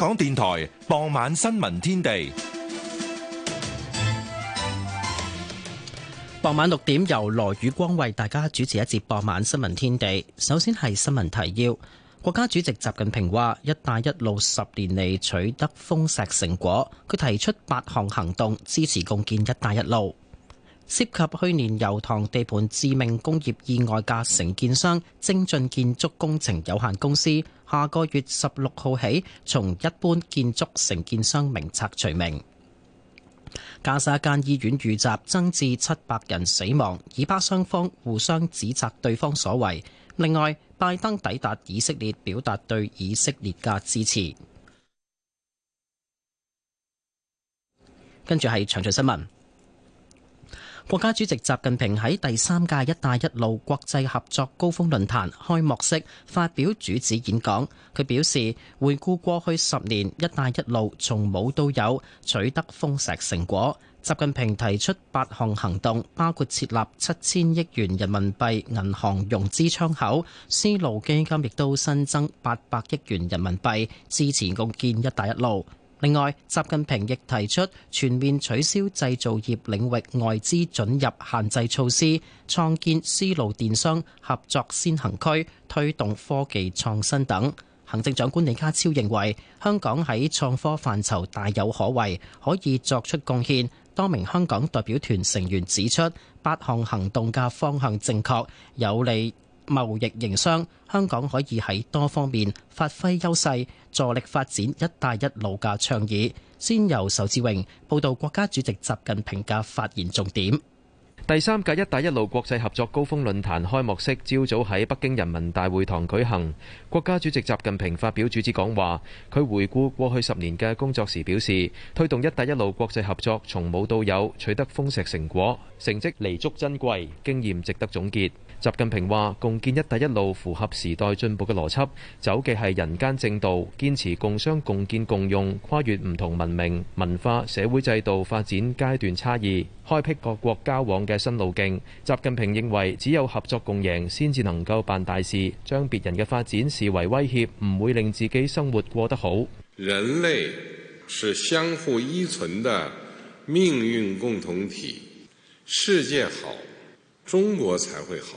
香港電台傍晚新聞天地，傍晚六點由羅宇光為大家主持一節傍晚新聞天地。首先係新聞提要：國家主席習近平話，一帶一路十年嚟，取得豐碩成果。佢提出八項行動支持共建一帶一路。涉及去年油塘地盤致命工業意外嘅承建商精進建築工程有限公司。下個月十六號起，從一般建築承建商名冊除名。加沙間醫院遇襲，增至七百人死亡。以巴雙方互相指責對方所為。另外，拜登抵達以色列，表達對以色列嘅支持。跟住係詳盡新聞。國家主席習近平喺第三屆「一帶一路」國際合作高峰論壇開幕式發表主旨演講。佢表示，回顧過去十年，「一帶一路」從冇到有，取得豐碩成果。習近平提出八項行動，包括設立七千億元人民幣銀行融資窗口，絲路基金亦都新增八百億元人民幣，支持共建「一帶一路」。另外，習近平亦提出全面取消製造業領域外資准入限制措施，創建絲路電商合作先行區，推動科技創新等。行政長官李家超認為，香港喺創科範疇大有可為，可以作出貢獻，多名香港代表團成員指出，八項行動嘅方向正確，有利。貿易營商，香港可以喺多方面發揮優勢，助力發展「一帶一路」嘅倡議。先由仇志榮報道國家主席習近平嘅發言重點。第三屆「一帶一路」國際合作高峯論壇開幕式，朝早喺北京人民大會堂舉行。國家主席習近平發表主旨講話，佢回顧過去十年嘅工作時表示，推動「一帶一路」國際合作從無到有，取得豐碩成果，成績彌足珍貴，經驗值得總結。習近平話：共建“一帶一路”符合時代進步嘅邏輯，走嘅係人間正道，堅持共商、共建、共用，跨越唔同文明、文化、社會制度發展階段差異，開闢各國交往嘅新路徑，習近平認為，只有合作共贏先至能夠辦大事。將別人嘅發展視為威脅，唔會令自己生活過得好。人類是相互依存的命運共同體，世界好，中國才會好。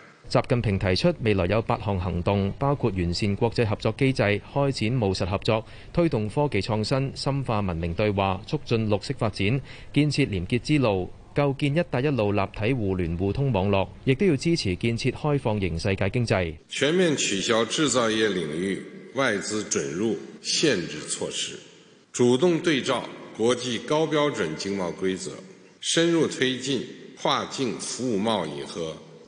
習近平提出未來有八項行動，包括完善國際合作機制、開展務實合作、推動科技創新、深化文明對話、促進綠色發展、建設廉潔之路、構建“一帶一路”立體互聯互通網絡，亦都要支持建設開放型世界經濟。全面取消製造業領域外資准入限制措施，主動對照國際高標準經貿規則，深入推進跨境服務貿易和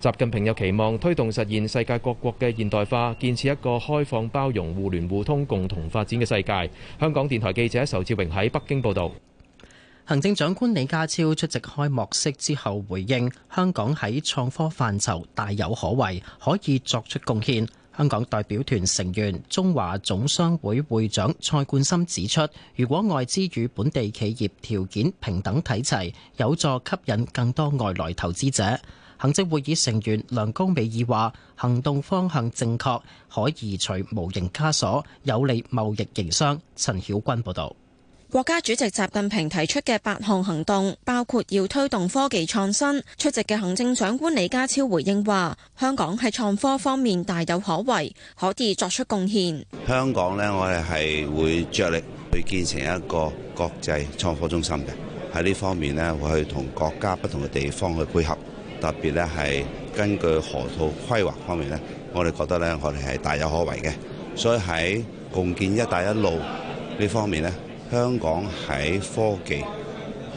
習近平有期望推動實現世界各國嘅現代化，建設一個開放包容、互聯互通、共同發展嘅世界。香港電台記者仇志榮喺北京報導。行政長官李家超出席開幕式之後，回應香港喺創科範疇大有可為，可以作出貢獻。香港代表團成員、中華總商會會長蔡冠森指出，如果外資與本地企業條件平等睇齊，有助吸引更多外來投資者。行政會議成員梁高美爾話：行動方向正確，可以移除無形枷鎖，有利貿易營商。陳曉君報導。國家主席習近平提出嘅八項行動，包括要推動科技創新。出席嘅行政長官李家超回應話：香港喺創科方面大有可為，可以作出貢獻。香港呢，我哋係會着力去建成一個國際創科中心嘅。喺呢方面呢，會去同國家不同嘅地方去配合。特別咧係根據河套規劃方面咧，我哋覺得咧，我哋係大有可為嘅。所以喺共建「一帶一路」呢方面咧，香港喺科技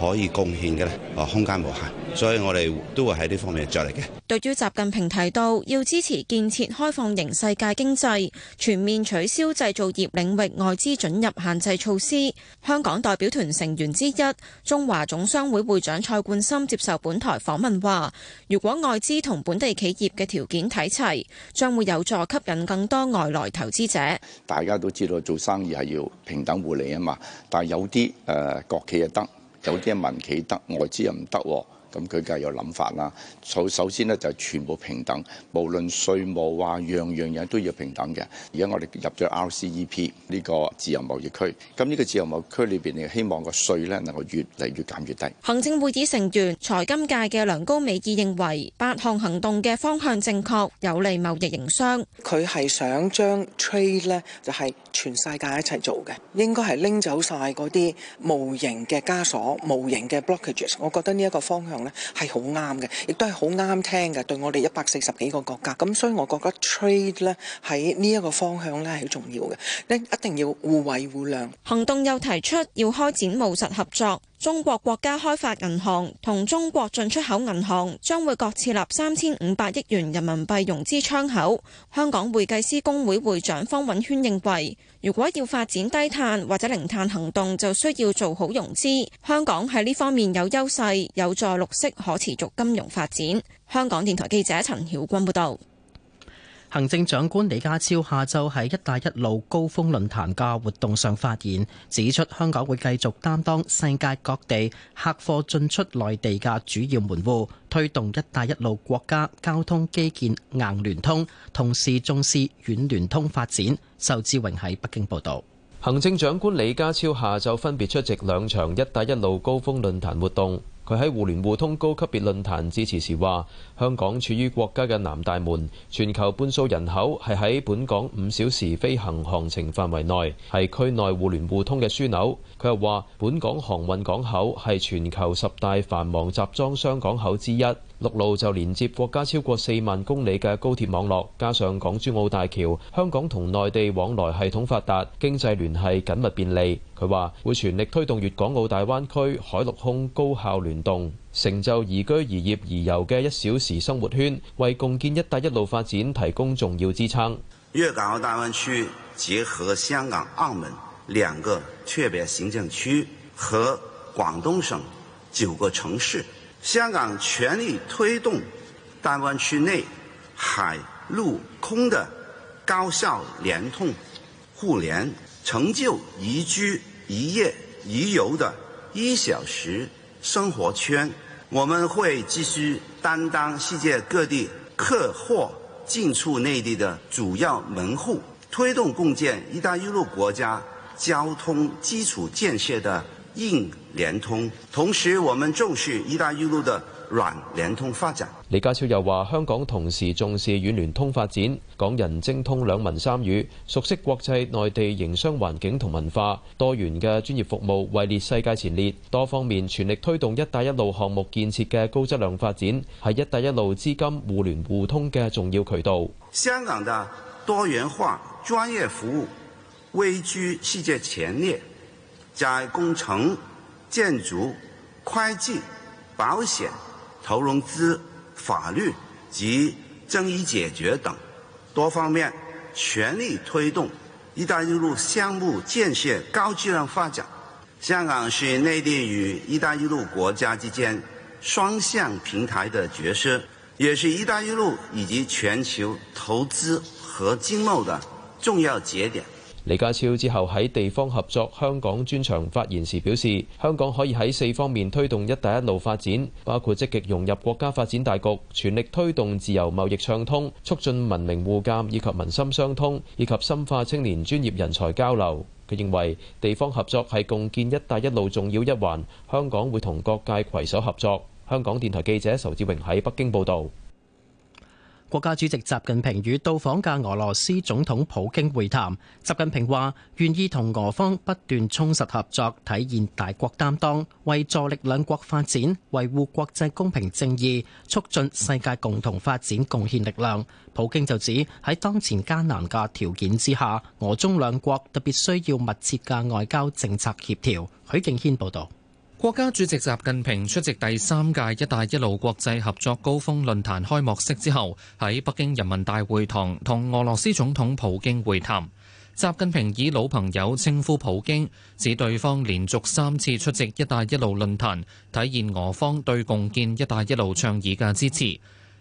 可以貢獻嘅咧，哦，空間無限，所以我哋都會喺呢方面著力嘅。對於習近平提到要支持建設開放型世界經濟，全面取消製造業領域外資准入限制措施，香港代表團成員之一、中華總商會會長蔡冠森接受本台訪問話：如果外資同本地企業嘅條件睇齊，將會有助吸引更多外來投資者。大家都知道做生意係要平等互利啊嘛，但係有啲誒，國企就得。有啲民企得，外資又唔得喎。咁佢梗係有諗法啦。首首先咧就係全部平等，無論稅務啊，樣樣嘢都要平等嘅。而家我哋入咗 RCEP 呢個自由貿易區，咁呢個自由貿易區裏邊，你希望個稅咧能夠越嚟越減越低。行政會議成員財金界嘅梁高美意認為，八項行動嘅方向正確，有利貿易營商。佢係想將 trade 咧就係全世界一齊做嘅，應該係拎走曬啲無形嘅枷鎖，無形嘅 blockages。我覺得呢一個方向，咧係好啱嘅，亦都係好啱聽嘅，對我哋一百四十幾個國家，咁所以我覺得 trade 咧喺呢一個方向咧係好重要嘅，一定要互惠互諒。行動又提出要開展務實合作。中國國家開發銀行同中國進出口銀行將會各設立三千五百億元人民幣融資窗口。香港會計師公會會長方允軒認為，如果要發展低碳或者零碳行動，就需要做好融資。香港喺呢方面有優勢，有助綠色可持續金融發展。香港電台記者陳曉君報道。行政長官李家超下晝喺「一帶一路」高峰論壇嘅活動上發言，指出香港會繼續擔當世界各地客貨進出內地嘅主要門戶，推動「一帶一路」國家交通基建硬聯通，同時重視軟聯通發展。仇志榮喺北京報導。行政長官李家超下晝分別出席兩場「一帶一路」高峰論壇活動。佢喺互聯互通高級別論壇致辭時話：香港處於國家嘅南大門，全球半數人口係喺本港五小時飛行航程範圍內，係區內互聯互通嘅樞紐。佢又話：本港航運港口係全球十大繁忙集裝箱港口之一。陸路就連接國家超過四萬公里嘅高鐵網絡，加上港珠澳大橋，香港同內地往來系統發達，經濟聯繫緊密便利。佢話會全力推動粵港澳大灣區海陸空高效聯動，成就宜居宜業宜遊嘅一小時生活圈，為共建一帶一路發展提供重要支撐。粵港澳大灣區結合香港、澳門兩個特別行政區和廣東省九個城市。香港全力推動大灣區內海陸空的高效聯通、互聯，成就宜居、宜業、宜遊的一小時生活圈。我們會繼續擔當世界各地客貨進出內地的主要門戶，推動共建“一帶一路”國家交通基礎建設的硬聯通，同時，我們重視“一帶一路”的軟聯通發展。李家超又話，香港同時重視軟聯通發展，港人精通兩文三語，熟悉國際、內地營商環境同文化，多元嘅專業服務位列世界前列，多方面全力推動“一帶一路”項目建設嘅高質量發展，係“一帶一路”資金互聯互通嘅重要渠道。香港嘅多元化專業服務位居世界前列，在工程。建築、會計、保險、投融資、法律及爭議解決等多方面，全力推動“一帶一路”項目建設高質量發展。香港是內地與“一帶一路”國家之間雙向平台的角色，也是“一帶一路”以及全球投資和經貿的重要節點。李家超之後喺地方合作香港專場發言時表示，香港可以喺四方面推動一帶一路發展，包括積極融入國家發展大局，全力推動自由貿易暢通，促進文明互鑒以及民心相通，以及深化青年專業人才交流。佢認為地方合作係共建一帶一路重要一環，香港會同各界攜手合作。香港電台記者仇志榮喺北京報導。國家主席習近平與到訪嘅俄羅斯總統普京會談。習近平話：願意同俄方不斷充實合作，體現大國擔當，為助力兩國發展、維護國際公平正義、促進世界共同發展貢獻力量。普京就指喺當前艱難嘅條件之下，俄中兩國特別需要密切嘅外交政策協調。許敬軒報道。國家主席習近平出席第三屆「一帶一路」國際合作高峰論壇開幕式之後，喺北京人民大會堂同俄羅斯總統普京會談。習近平以老朋友稱呼普京，指對方連續三次出席「一帶一路」論壇，體現俄方對共建「一帶一路」倡議嘅支持。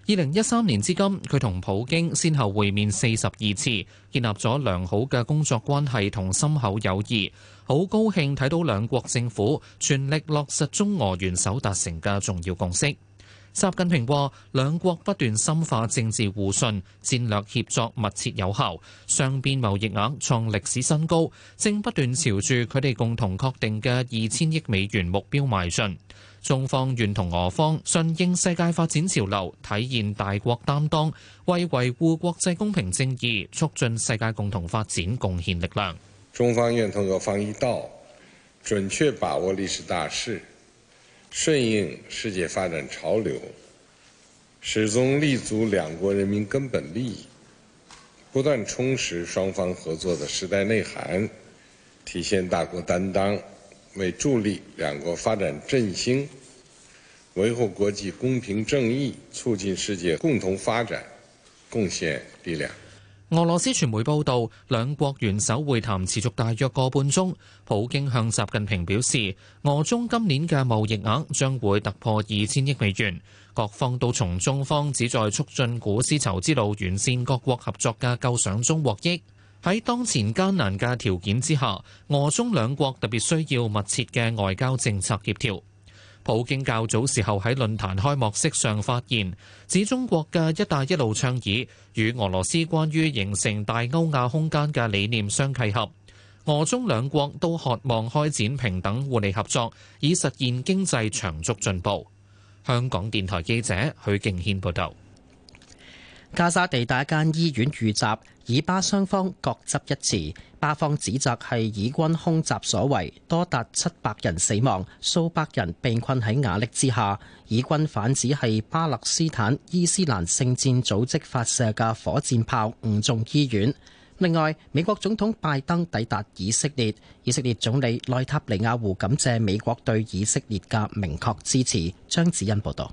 二零一三年至今，佢同普京先後會面四十二次，建立咗良好嘅工作關係同深厚友誼。好高興睇到兩國政府全力落實中俄元首達成嘅重要共識。習近平話，兩國不斷深化政治互信，戰略協作密切有效，雙邊貿易額創歷史新高，正不斷朝住佢哋共同確定嘅二千億美元目標邁進。中方願同俄方順應世界發展潮流，體現大國擔當，為維護國際公平正義、促進世界共同發展貢獻力量。中方願同俄方一道，準確把握歷史大勢，順應世界發展潮流，始終立足兩國人民根本利益，不斷充實雙方合作的時代內涵，體現大國擔當。為助力兩國發展振興，維護國際公平正義，促進世界共同發展，貢獻力量。俄羅斯傳媒報道，兩國元首會談持續大約個半鐘。普京向習近平表示，俄中今年嘅貿易額將會突破二千億美元。各方都從中方旨在促進古絲綢之路，完善各國合作嘅構想中獲益。喺當前艱難嘅條件之下，俄中兩國特別需要密切嘅外交政策協調。普京較早時候喺論壇開幕式上發言，指中國嘅「一帶一路」倡議與俄羅斯關於形成大歐亞空間嘅理念相契合。俄中兩國都渴望開展平等互利合作，以實現經濟長足進步。香港電台記者許敬軒報道。加沙地帶一間醫院遇襲。以巴雙方各執一詞，巴方指責係以軍空襲所為，多達七百人死亡，數百人被困喺瓦礫之下；以軍反指係巴勒斯坦伊斯蘭聖戰組織發射嘅火箭炮誤中醫院。另外，美國總統拜登抵達以色列，以色列總理內塔尼亞胡感謝美國對以色列嘅明確支持。張子欣報道。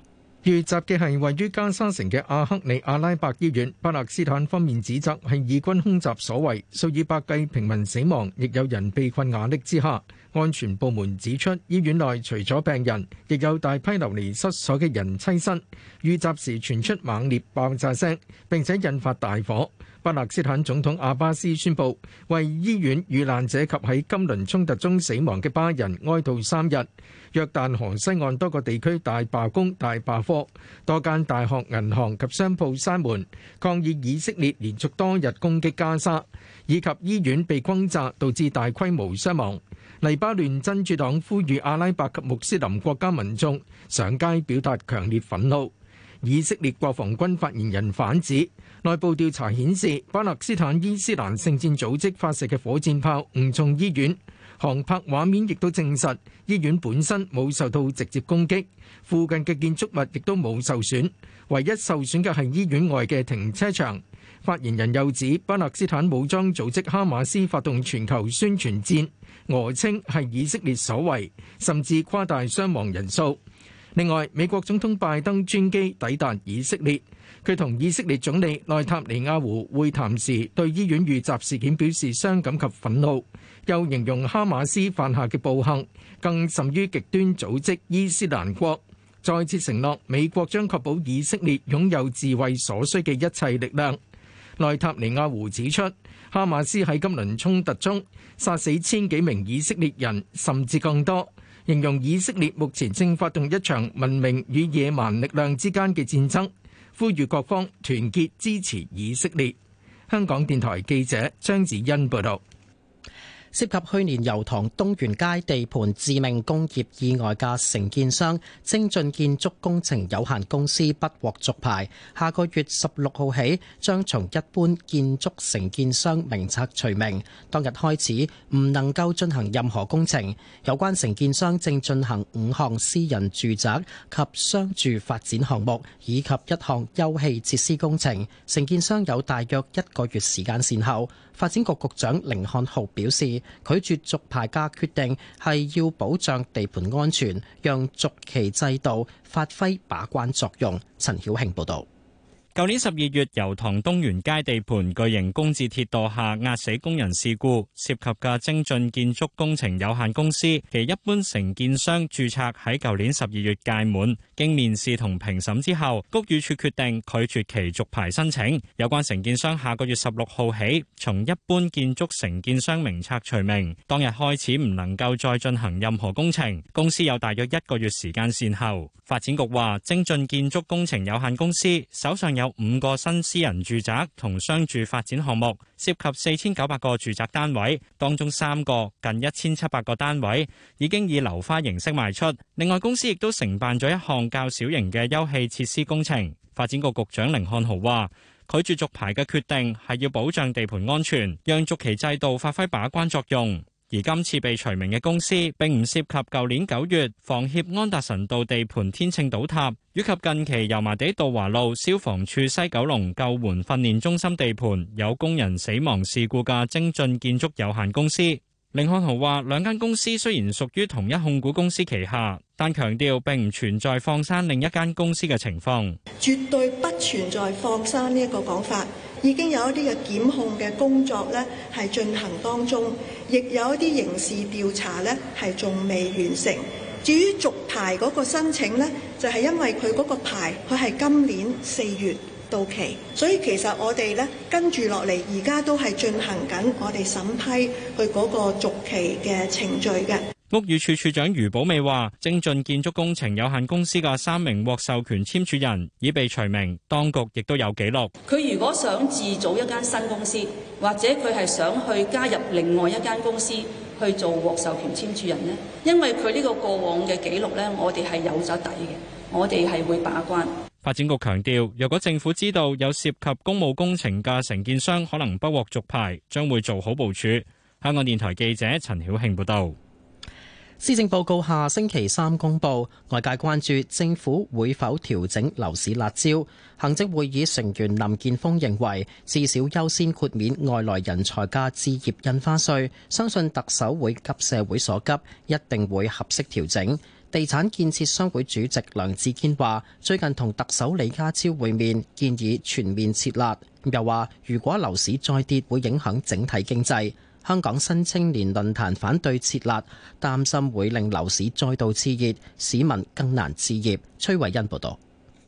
遇襲嘅係位於加沙城嘅阿克里阿拉伯醫院，巴勒斯坦方面指責係以軍空襲所為，數以百計平民死亡，亦有人被困瓦礫之下。安全部門指出，醫院內除咗病人，亦有大批流離失所嘅人棲身。遇襲時傳出猛烈爆炸聲，並且引發大火。巴勒斯坦總統阿巴斯宣布為醫院遇難者及喺今輪衝突中死亡嘅巴人哀悼三日。約旦河西岸多個地區大罷工、大罷課，多間大學、銀行及商鋪閂門，抗議以色列連續多日攻擊加沙，以及醫院被轟炸導致大規模傷亡。黎巴嫩真主黨呼籲阿拉伯及穆斯林國家民眾上街表達強烈憤怒。以色列國防軍發言人反指，內部調查顯示，巴勒斯坦伊斯蘭聖戰組織發射嘅火箭炮誤中醫院。航拍畫面亦都證實，醫院本身冇受到直接攻擊，附近嘅建築物亦都冇受損。唯一受損嘅係醫院外嘅停車場。發言人又指，巴勒斯坦武裝組織哈馬斯發動全球宣傳戰，訛稱係以色列所為，甚至誇大傷亡人數。另外，美國總統拜登專機抵達以色列。佢同以色列總理內塔尼亞胡會談時，對醫院遇襲事件表示傷感及憤怒，又形容哈馬斯犯下嘅暴行更甚於極端組織伊斯蘭國，再次承諾美國將確保以色列擁有自衛所需嘅一切力量。內塔尼亞胡指出，哈馬斯喺今輪衝突中殺死千幾名以色列人，甚至更多，形容以色列目前正發動一場文明與野蠻力量之間嘅戰爭。呼籲各方團結支持以色列。香港電台記者張子欣報道。涉及去年油塘東源街地盤致命工業意外嘅承建商精進建築工程有限公司不獲續牌，下個月十六號起將從一般建築承建商名冊除名。當日開始唔能夠進行任何工程。有關承建商正進行五項私人住宅及商住發展項目，以及一項休憩設施工程。承建商有大約一個月時間善後。發展局局長甯漢豪表示，拒絕續牌嘅決定係要保障地盤安全，讓續期制度發揮把關作用。陳曉慶報導。舊年十二月，油塘東源街地盤巨型工字鐵墮下壓死工人事故，涉及嘅精進建築工程有限公司，其一般承建商註冊喺舊年十二月屆滿，經面試同評審之後，屋宇署決定拒絕其續牌申請。有關承建商下個月十六號起，從一般建築承建商名冊除名，當日開始唔能夠再進行任何工程。公司有大約一個月時間善後。發展局話，精進建築工程有限公司手上有。五個新私人住宅同商住發展項目，涉及四千九百個住宅單位，當中三個近一千七百個單位已經以樓花形式賣出。另外，公司亦都承辦咗一項較小型嘅休憩設施工程。發展局局長甯漢豪話，拒絕續牌嘅決定係要保障地盤安全，讓續期制度發揮把關作用。而今次被除名嘅公司並唔涉及舊年九月房協安達臣道地盤天秤倒塌，以及近期油麻地道華路消防處西九龍救援訓練中心地盤有工人死亡事故嘅精進建築有限公司。令漢豪話兩間公司雖然屬於同一控股公司旗下，但強調並唔存在放生另一間公司嘅情況，絕對不存在放生呢一個講法。已經有一啲嘅檢控嘅工作呢係進行當中，亦有一啲刑事調查呢係仲未完成。至於續牌嗰個申請呢，就係因為佢嗰個牌佢係今年四月到期，所以其實我哋呢，跟住落嚟而家都係進行緊我哋審批去嗰個續期嘅程序嘅。屋宇署署長余寶美話，精進建築工程有限公司嘅三名獲授權簽署人已被除名，當局亦都有記錄。佢如果想自組一間新公司，或者佢係想去加入另外一間公司去做獲授權簽署人咧，因為佢呢個過往嘅記錄呢，我哋係有咗底嘅，我哋係會把關。發展局強調，如果政府知道有涉及公務工程嘅承建商可能不獲續牌，將會做好部署。香港電台記者陳曉慶報道。施政報告下星期三公布，外界關注政府會否調整樓市辣招。行政會議成員林健鋒認為，至少優先豁免外來人才加置業印花稅，相信特首會急社會所急，一定會合適調整。地產建設商會主席梁志堅話，最近同特首李家超會面，建議全面撤辣。又話，如果樓市再跌，會影響整體經濟。香港新青年論壇反對設立，擔心會令樓市再度熾熱，市民更難置業。崔慧欣報導。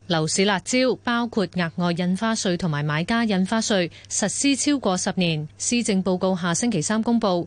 樓市辣招包括額外印花稅同埋買家印花稅，實施超過十年。施政報告下星期三公佈。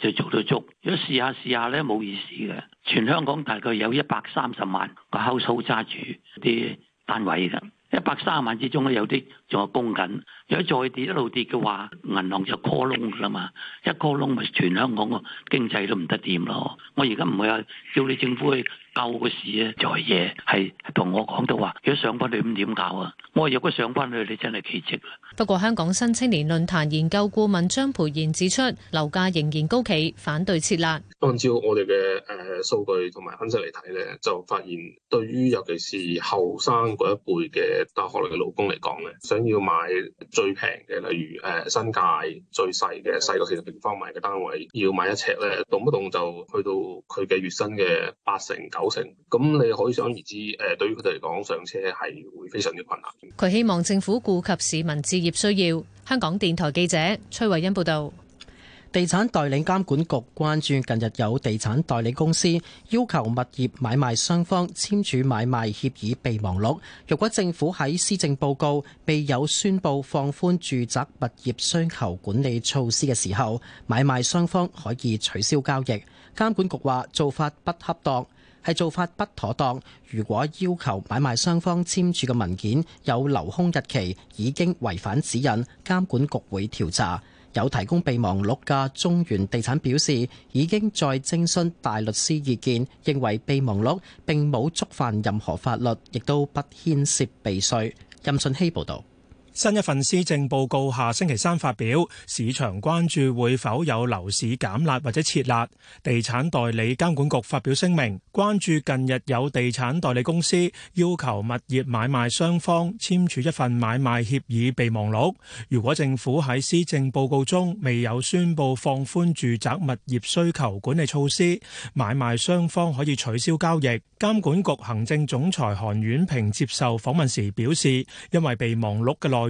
就做到足，如果試下試下咧，冇意思嘅。全香港大概有一百三十萬個 household 揸住啲單位㗎，一百三十萬之中咧，有啲仲有供緊。如果再跌一路跌嘅話，銀行就過窿㗎啦嘛，一過窿咪全香港個經濟都唔得掂咯。我而家唔會話叫你政府去救個市啊，做嘢係同我講到話，如果上翻你，咁點搞啊？我話如果上翻去，你真係奇蹟啦。不過，香港新青年論壇研究顧問張培賢指出，樓價仍然高企，反對設立。按照我哋嘅誒數據同埋分析嚟睇咧，就發現對於尤其是後生嗰一輩嘅大學嚟嘅老公嚟講咧，想要買。最平嘅，例如誒新界最細嘅，細個四十平方米嘅單位，要買一尺咧，動不動就去到佢嘅月薪嘅八成九成，咁你可想而知，誒對於佢哋嚟講，上車係會非常之困難，佢希望政府顧及市民置業需要。香港電台記者崔慧欣報道。地產代理監管局關注近日有地產代理公司要求物業買賣雙方簽署買賣協議備忘錄。若果政府喺施政報告未有宣布放寬住宅物業需求管理措施嘅時候，買賣雙方可以取消交易。監管局話做法不恰當，係做法不妥當。如果要求買賣雙方簽署嘅文件有留空日期，已經違反指引，監管局會調查。有提供備忘錄嘅中原地產表示，已經在徵詢大律師意見，認為備忘錄並冇觸犯任何法律，亦都不牽涉避稅。任信希報道。新一份施政報告下星期三發表，市場關注會否有樓市減辣或者撤辣。地產代理監管局發表聲明，關注近日有地產代理公司要求物業買賣雙方簽署一份買賣協議備忘錄，如果政府喺施政報告中未有宣布放寬住宅物業需求管理措施，買賣雙方可以取消交易。監管局行政總裁韓婉平接受訪問時表示，因為備忘錄嘅內。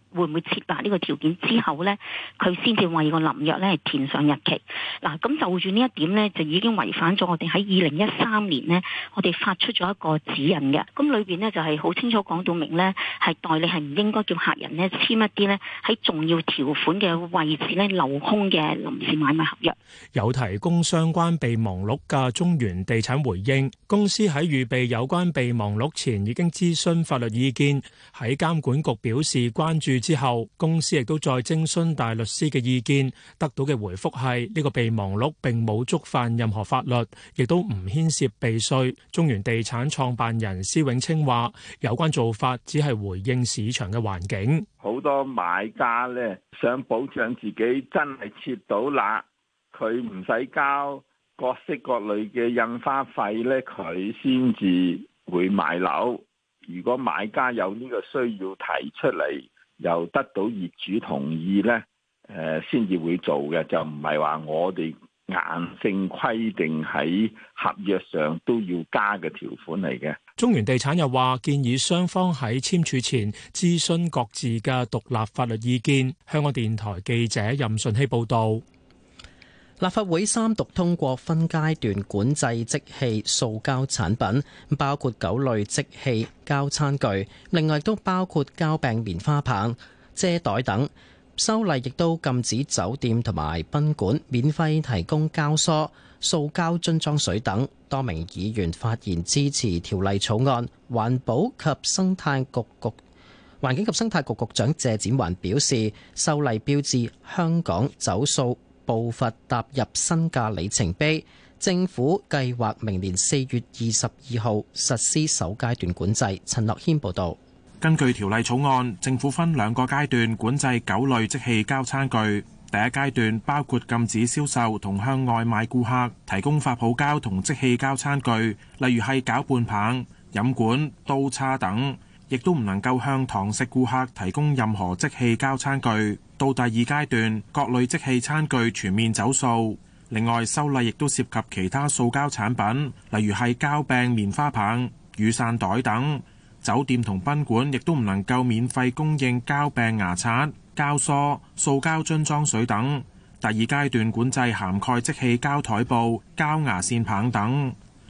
會唔會設立呢個條件之後呢？佢先至為個臨約咧填上日期嗱？咁就住呢一點呢，就已經違反咗我哋喺二零一三年呢，我哋發出咗一個指引嘅。咁裏邊呢，就係好清楚講到明呢，係代理係唔應該叫客人呢簽一啲呢喺重要條款嘅位置呢留空嘅臨時買賣合約。有提供相關備忘錄嘅中原地產回應。公司喺預備有關備忘錄前已經諮詢法律意見，喺監管局表示關注之後，公司亦都再徵詢大律師嘅意見，得到嘅回覆係呢個備忘錄並冇觸犯任何法律，亦都唔牽涉避稅。中原地產創辦人施永青話：有關做法只係回應市場嘅環境，好多買家咧想保障自己真係切到辣，佢唔使交各式各類嘅印花費呢，佢先至會買樓。如果買家有呢個需要提出嚟，又得到業主同意呢，誒先至會做嘅，就唔係話我哋硬性規定喺合約上都要加嘅條款嚟嘅。中原地產又話建議雙方喺簽署前諮詢各自嘅獨立法律意見。香港電台記者任順希報導。立法會三讀通過分階段管制即棄塑膠產品，包括九類即棄膠餐具，另外都包括膠柄棉花棒、遮袋等。修例亦都禁止酒店同埋賓館免費提供膠梳、塑膠樽裝水等。多名議員發言支持條例草案。環保及生態局局環境及生態局局長謝展寰表示，修例標誌香港走塑步伐踏入新嘅里程碑，政府計劃明年四月二十二號實施首階段管制。陳樂謙報道。根據條例草案，政府分兩個階段管制九類即棄膠餐具。第一階段包括禁止銷售同向外賣顧客提供發泡膠同即棄膠餐具，例如係攪拌棒、飲管、刀叉等。亦都唔能夠向堂食顧客提供任何即棄膠餐具。到第二階段，各類即棄餐具全面走數。另外，修例亦都涉及其他塑膠產品，例如係膠柄、棉花棒、雨傘袋等。酒店同賓館亦都唔能夠免費供應膠柄牙刷、膠梳、塑膠樽裝水等。第二階段管制涵蓋即棄膠枱布、膠牙線棒等。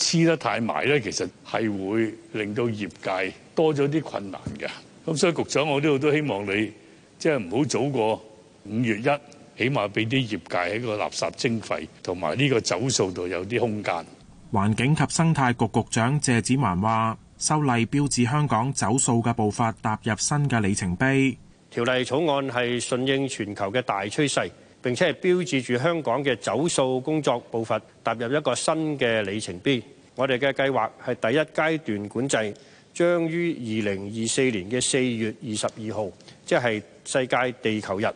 黐得太埋咧，其實係會令到業界多咗啲困難嘅。咁所以局長，我呢度都希望你即係唔好早過五月一，起碼俾啲業界喺個垃圾徵費同埋呢個走數度有啲空間。環境及生態局局長謝展寰話，修例標誌香港走數嘅步伐踏入新嘅里程碑。條例草案係順應全球嘅大趨勢。並且係標誌住香港嘅走數工作步伐踏入一個新嘅里程碑。我哋嘅計劃係第一階段管制，將於二零二四年嘅四月二十二號，即係世界地球日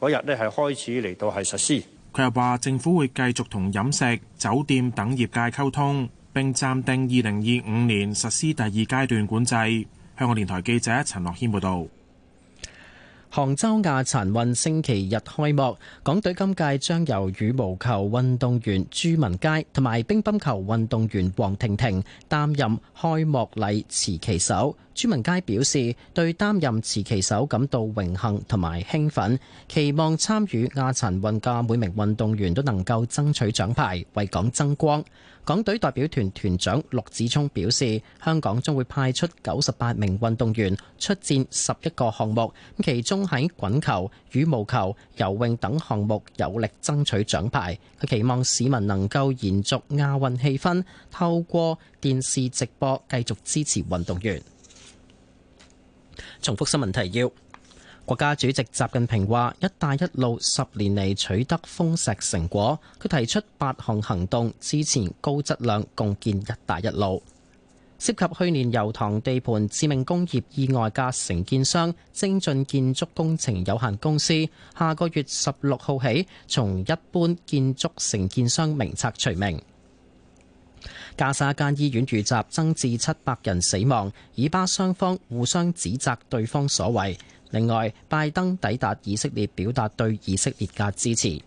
嗰日呢，係開始嚟到係實施。佢又話政府會繼續同飲食、酒店等業界溝通，並暫定二零二五年實施第二階段管制。香港電台記者陳樂軒報道。杭州亞殘運星期日開幕，港隊今屆將由羽毛球運動員朱文佳同埋乒乓球運動員黃婷婷擔任開幕禮持旗手。朱文佳表示，對擔任持旗手感到榮幸同埋興奮，期望參與亞殘運嘅每名運動員都能夠爭取獎牌，為港爭光。港隊代表團團長陸子聰表示，香港將會派出九十八名運動員出戰十一個項目，咁其中喺滾球、羽毛球、游泳等項目有力爭取獎牌。佢期望市民能夠延續亞運氣氛，透過電視直播繼續支持運動員。重複新聞提要。國家主席習近平話，一帶一路十年嚟，取得豐碩成果。佢提出八項行動，支持高質量共建一帶一路。涉及去年油塘地盤致命工業意外嘅承建商精進建築工程有限公司，下個月十六號起從一般建築承建商名冊除名。加沙間醫院遇襲，增至七百人死亡。以巴雙方互相指責對方所為。另外，拜登抵達以色列，表達對以色列嘅支持。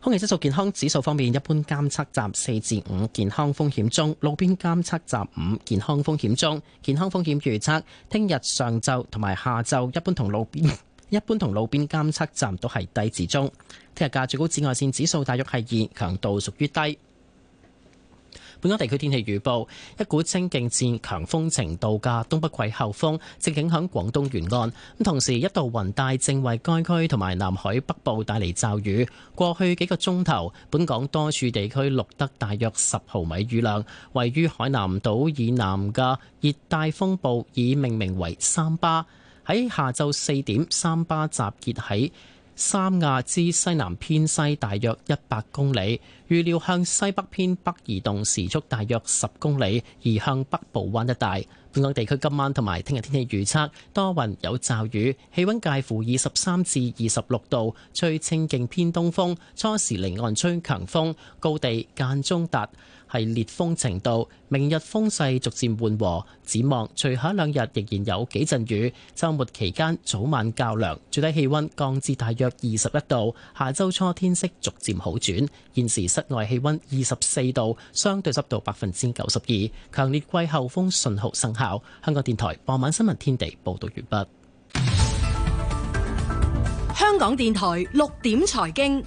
空氣質素健康指數方面，一般監測站四至五健康風險中，路邊監測站五健康風險中。健康風險預測，聽日上晝同埋下晝一般同路邊一般同路邊監測站都係低至中。聽日嘅最高紫外線指數大約係二，強度屬於低。本港地區天氣預報，一股清勁至強風程度嘅東北季候風正影響廣東沿岸，咁同時一道雲帶正為該區同埋南海北部帶嚟驟雨。過去幾個鐘頭，本港多處地區錄得大約十毫米雨量。位於海南島以南嘅熱帶風暴已命名為三巴，喺下晝四點，三巴集結喺三亞之西南偏西，大約一百公里。預料向西北偏北移動，時速大約十公里，移向北部灣一帶。本港地區今晚同埋聽日天氣預測，多雲有驟雨，氣溫介乎二十三至二十六度，吹清勁偏東風，初時離岸吹強風，高地間中達。係烈風程度，明日風勢逐漸緩和，展望隨下兩日仍然有幾陣雨，周末期間早晚較涼，最低氣溫降至大約二十一度。下周初天色逐漸好轉，現時室外氣溫二十四度，相對濕度百分之九十二，強烈季候風信號生效。香港電台傍晚新聞天地報道完畢。香港電台六點財經。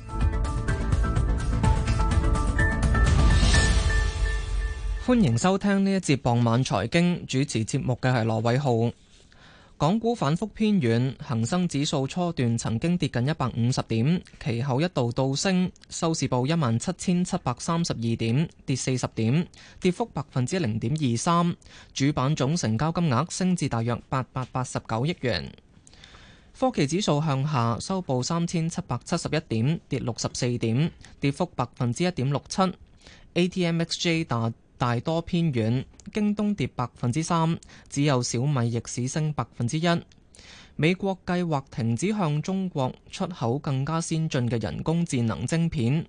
歡迎收聽呢一節傍晚財經，主持節目嘅係羅偉浩。港股反復偏軟，恒生指數初段曾經跌近一百五十點，其後一度倒升，收市報一萬七千七百三十二點，跌四十點，跌幅百分之零點二三。主板總成交金額升至大約八百八十九億元。科技指數向下收報三千七百七十一點，跌六十四點，跌幅百分之一點六七。A T M X J 大跌。大多偏遠，京東跌百分之三，只有小米逆市升百分之一。美國計劃停止向中國出口更加先進嘅人工智能晶片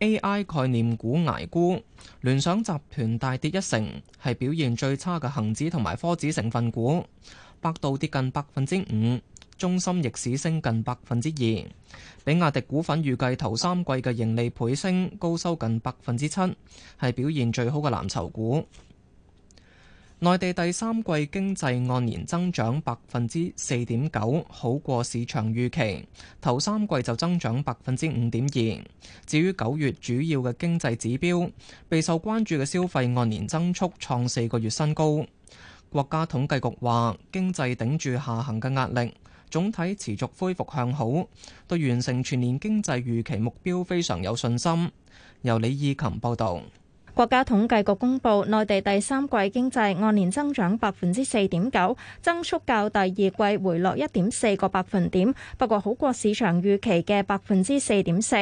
，AI 概念股捱沽。聯想集團大跌一成，係表現最差嘅恒指同埋科指成分股。百度跌近百分之五，中芯逆市升近百分之二。比亞迪股份預計頭三季嘅盈利倍升，高收近百分之七，係表現最好嘅藍籌股。內地第三季經濟按年增長百分之四點九，好過市場預期。頭三季就增長百分之五點二。至於九月主要嘅經濟指標，備受關注嘅消費按年增速創四個月新高。國家統計局話，經濟頂住下行嘅壓力。總體持續恢復向好，對完成全年經濟預期目標非常有信心。由李義琴報導。國家統計局公布，內地第三季經濟按年增長百分之四點九，增速較第二季回落一點四個百分點。不過好過市場預期嘅百分之四點四。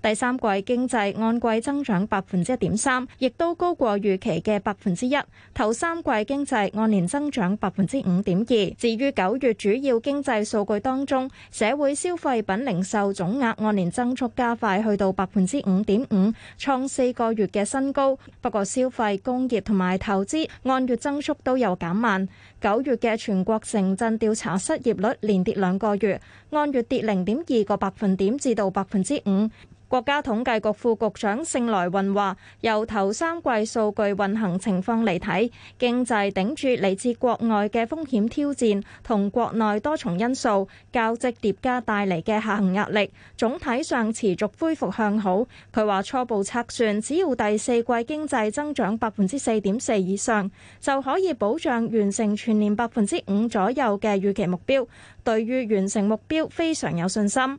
第三季經濟按季增長百分之一點三，亦都高過預期嘅百分之一。頭三季經濟按年增長百分之五點二。至於九月主要經濟數據當中，社會消費品零售總額按年增速加快，去到百分之五點五，創四個月嘅新高。不過消費、工業同埋投資按月增速都有減慢。九月嘅全國城鎮調查失業率連跌兩個月，按月跌零點二個百分點，至到百分之五。國家統計局副局長盛來運話：由頭三季數據運行情況嚟睇，經濟頂住嚟自國外嘅風險挑戰同國內多重因素，較值疊加帶嚟嘅下行壓力，總體上持續恢復向好。佢話初步測算，只要第四季經濟增長百分之四點四以上，就可以保障完成全年百分之五左右嘅預期目標。對於完成目標非常有信心。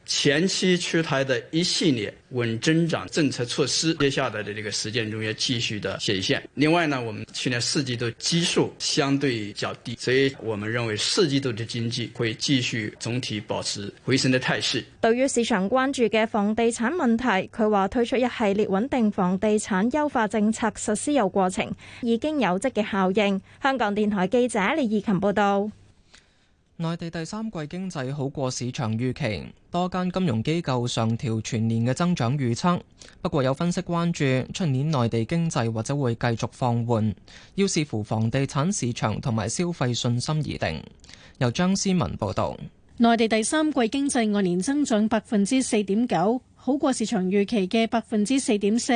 前期出台的一系列穩增長政策措施，接下來的這個時間中要繼續的顯現。另外呢，我們去年四季度基數相對較低，所以我們認為四季度的經濟會繼續總體保持回升的態勢。對於市場關注嘅房地產問題，佢話推出一系列穩定房地產優化政策，實施有過程，已經有積極效應。香港電台記者李義琴報道。內地第三季經濟好過市場預期，多間金融機構上調全年嘅增長預測。不過有分析關注，出年內地經濟或者會繼續放緩，要視乎房地產市場同埋消費信心而定。由張思文報道，內地第三季經濟按年增長百分之四點九，好過市場預期嘅百分之四點四。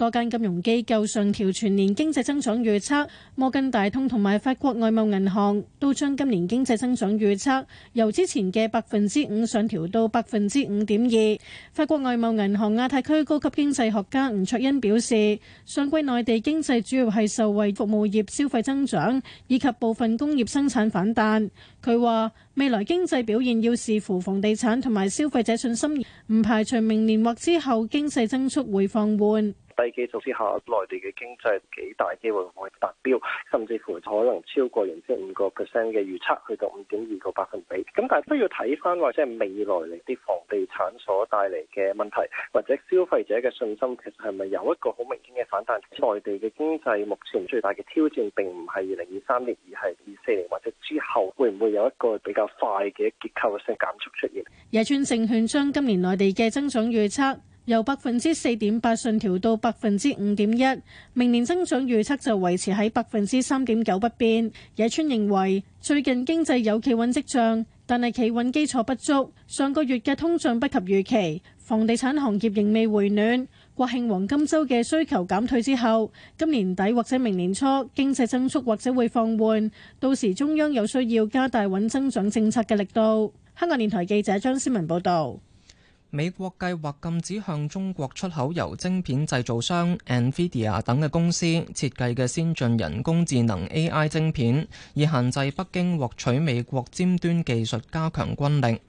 多間金融機構上調全年經濟增長預測，摩根大通同埋法國外貿銀行都將今年經濟增長預測由之前嘅百分之五上調到百分之五點二。法國外貿銀行亞太區高級經濟學家吳卓恩表示，上季內地經濟主要係受惠服務業消費增長以及部分工業生產反彈。佢話未來經濟表現要視乎房地產同埋消費者信心，唔排除明年或之後經濟增速會放緩。低基數之下，內地嘅經濟幾大機會可以達標，甚至乎可能超過原先五個 percent 嘅預測，去到五點二個百分比。咁但係都要睇翻，或者係未來嚟啲房地產所帶嚟嘅問題，或者消費者嘅信心，其實係咪有一個好明顯嘅反彈？內地嘅經濟目前最大嘅挑戰並唔係二零二三年，而係二四年或者之後，會唔會有一個比較快嘅結構性減速出現？野村證券將今年內地嘅增長預測。由百分之四點八上調到百分之五點一，明年增長預測就維持喺百分之三點九不變。野村認為最近經濟有企穩迹象，但係企穩基礎不足。上個月嘅通脹不及預期，房地產行業仍未回暖。國慶黃金周嘅需求減退之後，今年底或者明年初經濟增速或者會放緩，到時中央有需要加大穩增長政策嘅力度。香港電台記者張思文報道。美國計劃禁止向中國出口由晶片製造商 NVIDIA 等嘅公司設計嘅先進人工智能 AI 晶片，以限制北京獲取美國尖端技術，加強軍力。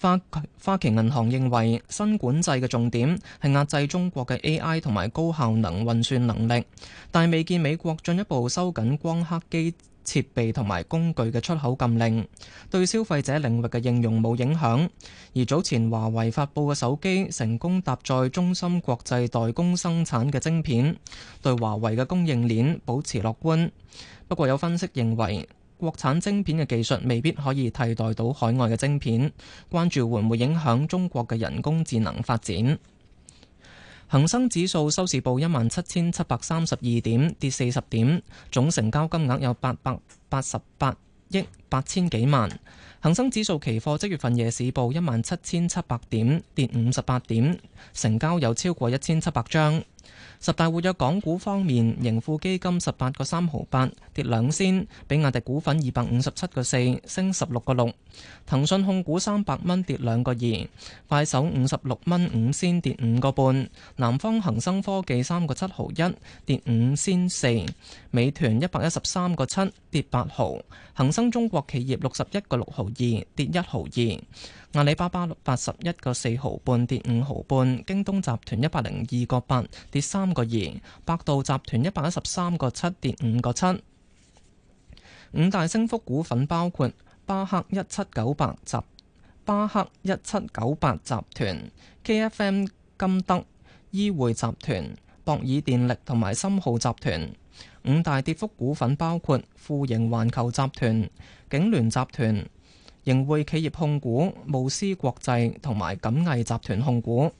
花花旗銀行認為，新管制嘅重點係壓制中國嘅 AI 同埋高效能運算能力，但未見美國進一步收緊光刻機。設備同埋工具嘅出口禁令對消費者領域嘅應用冇影響，而早前華為發佈嘅手機成功搭載中芯國際代工生產嘅晶片，對華為嘅供應鏈保持樂觀。不過有分析認為，國產晶片嘅技術未必可以替代到海外嘅晶片，關注會唔會影響中國嘅人工智能發展。恒生指數收市報一萬七千七百三十二點，跌四十點，總成交金額有八百八十八億八千幾萬。恒生指數期貨即月份夜市報一萬七千七百點，跌五十八點，成交有超過一千七百張。十大活躍港股方面，盈富基金十八個三毫八跌兩仙，比亞迪股份二百五十七個四升十六個六，騰訊控股三百蚊跌兩個二，快手五十六蚊五仙跌五個半，南方恒生科技三個七毫一跌五仙四，美團一百一十三個七跌八毫，恒生中國企業六十一個六毫二跌一毫二。阿里巴巴八十一個四毫半跌五毫半，京東集團一百零二個八跌三個二，百度集團一百一十三個七跌五個七。五大升幅股份包括巴克一七九八集，巴克一七九八集團 K F M 金德、依匯集團、博爾電力同埋深浩集團。五大跌幅股份包括富盈環球集團、景聯集團。仍會企業控股，慕斯國際同埋錦藝集團控股。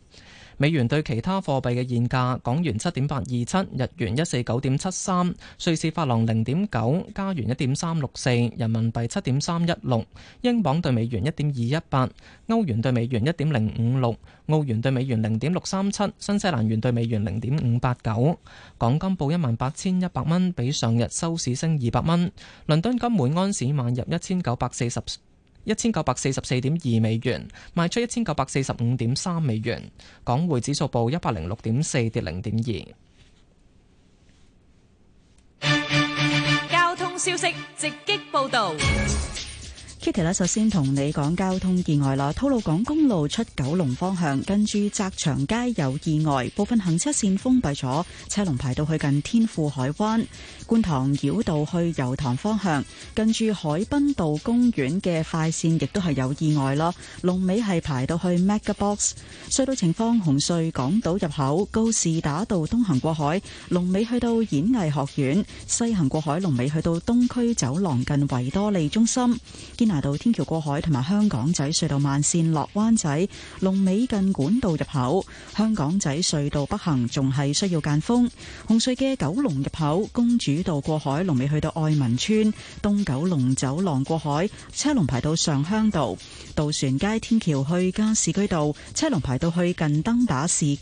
美元對其他貨幣嘅現價：港元七點八二七，日元一四九點七三，瑞士法郎零點九，加元一點三六四，人民幣七點三一六，英鎊兌美元一點二一八，歐元兌美元一點零五六，澳元兌美元零點六三七，新西蘭元兌美元零點五八九。港金報一萬八千一百蚊，比上日收市升二百蚊。倫敦金每安士萬入一千九百四十。一千九百四十四點二美元，賣出一千九百四十五點三美元。港匯指數報一百零六點四，跌零點二。交通消息直擊報導。Kitty 咧，Katie，首先同你講交通意外啦。吐露港公路出九龍方向，跟住澤祥街有意外，部分行車線封閉咗，車龍排到去近天富海灣、觀塘繞道去油塘方向，跟住海濱道公園嘅快線亦都係有意外啦。龍尾係排到去 MegaBox。隧道情況，紅隧港島入口、告士打道東行過海，龍尾去到演藝學院西行過海，龍尾去到東區走廊近維多利中心。到天橋過海同埋香港仔隧道慢線落灣仔龍尾近管道入口，香港仔隧道北行仲係需要間風。紅隧嘅九龍入口，公主道過海龍尾去到愛民村，東九龍走廊過海車龍排到上鄉道，渡船街天橋去加士居道車龍排到去近燈打士街。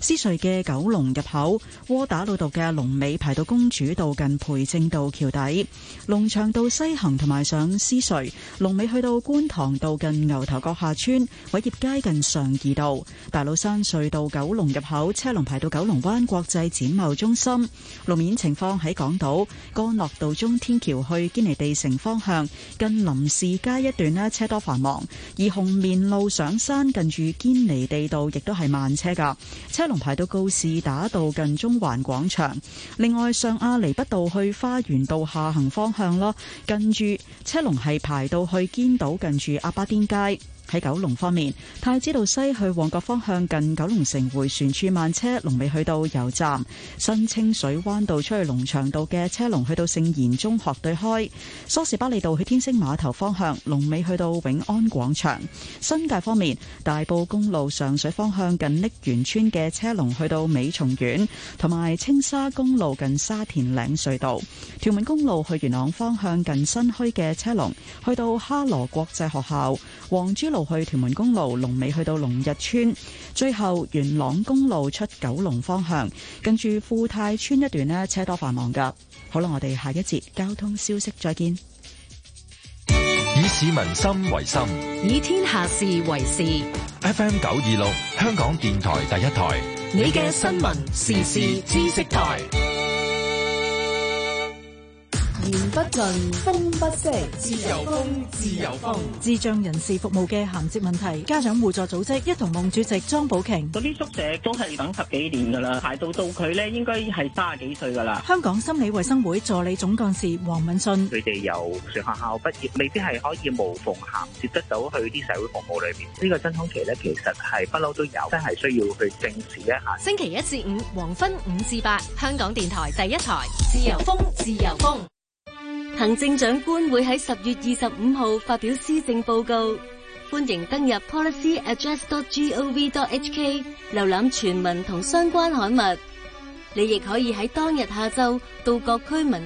獅隧嘅九龍入口，窩打老道嘅龍尾排到公主道近培正道橋底，龍翔道西行同埋上獅隧。龍尾去到觀塘道近牛頭角下村、偉業街近上怡道、大老山隧道九龍入口車龍排到九龍灣國際展貿中心。路面情況喺港島干諾道中天橋去堅尼地城方向，近林士街一段咧車多繁忙。而紅棉路上山近住堅尼地道亦都係慢車噶，車龍排到告士打道近中環廣場。另外，上亞厘畢道去花園道下行方向咯，近住車龍係排到去堅道近住鴨巴甸街。喺九龍方面，太子道西去旺角方向近九龍城回旋處慢車，龍尾去到油站；新清水灣道出去龍翔道嘅車龍去到聖賢中學對開；梳士巴利道去天星碼頭方向，龍尾去到永安廣場。新界方面，大埔公路上水方向近瀝源村嘅車龍去到美松苑，同埋青沙公路近沙田嶺隧道；屯門公路去元朗方向近新墟嘅車龍去到哈羅國際學校；黃竹去屯門公路，龍尾去到龍日村。最後元朗公路出九龍方向，跟住富泰村一段呢，車多繁忙噶。好啦，我哋下一節交通消息再見。以市民心為心，以天下事為事。FM 九二六，香港電台第一台，你嘅新聞時事知識台。言不盡，風不息，自由風，自由風。智障人士服務嘅銜接問題，家長互助組織一同夢主席莊寶瓊，嗰啲宿舍都係等十幾年噶啦，排到到佢咧應該係三十幾歲噶啦。香港心理衛生會助理總幹事黃敏信，佢哋由船學校畢業，未必係可以無縫銜接得到去啲社會服務裏邊。呢個真空期咧，其實係不嬲都有，真係需要去正視一下。星期一至五，黃昏五至八，香港電台第一台，自由風，自由風。行政長官會喺十月二十五號發表施政報告，歡迎登入 policyaddress.gov.hk，瀏覽全文同相關刊物。你亦可以喺當日下晝到各區民。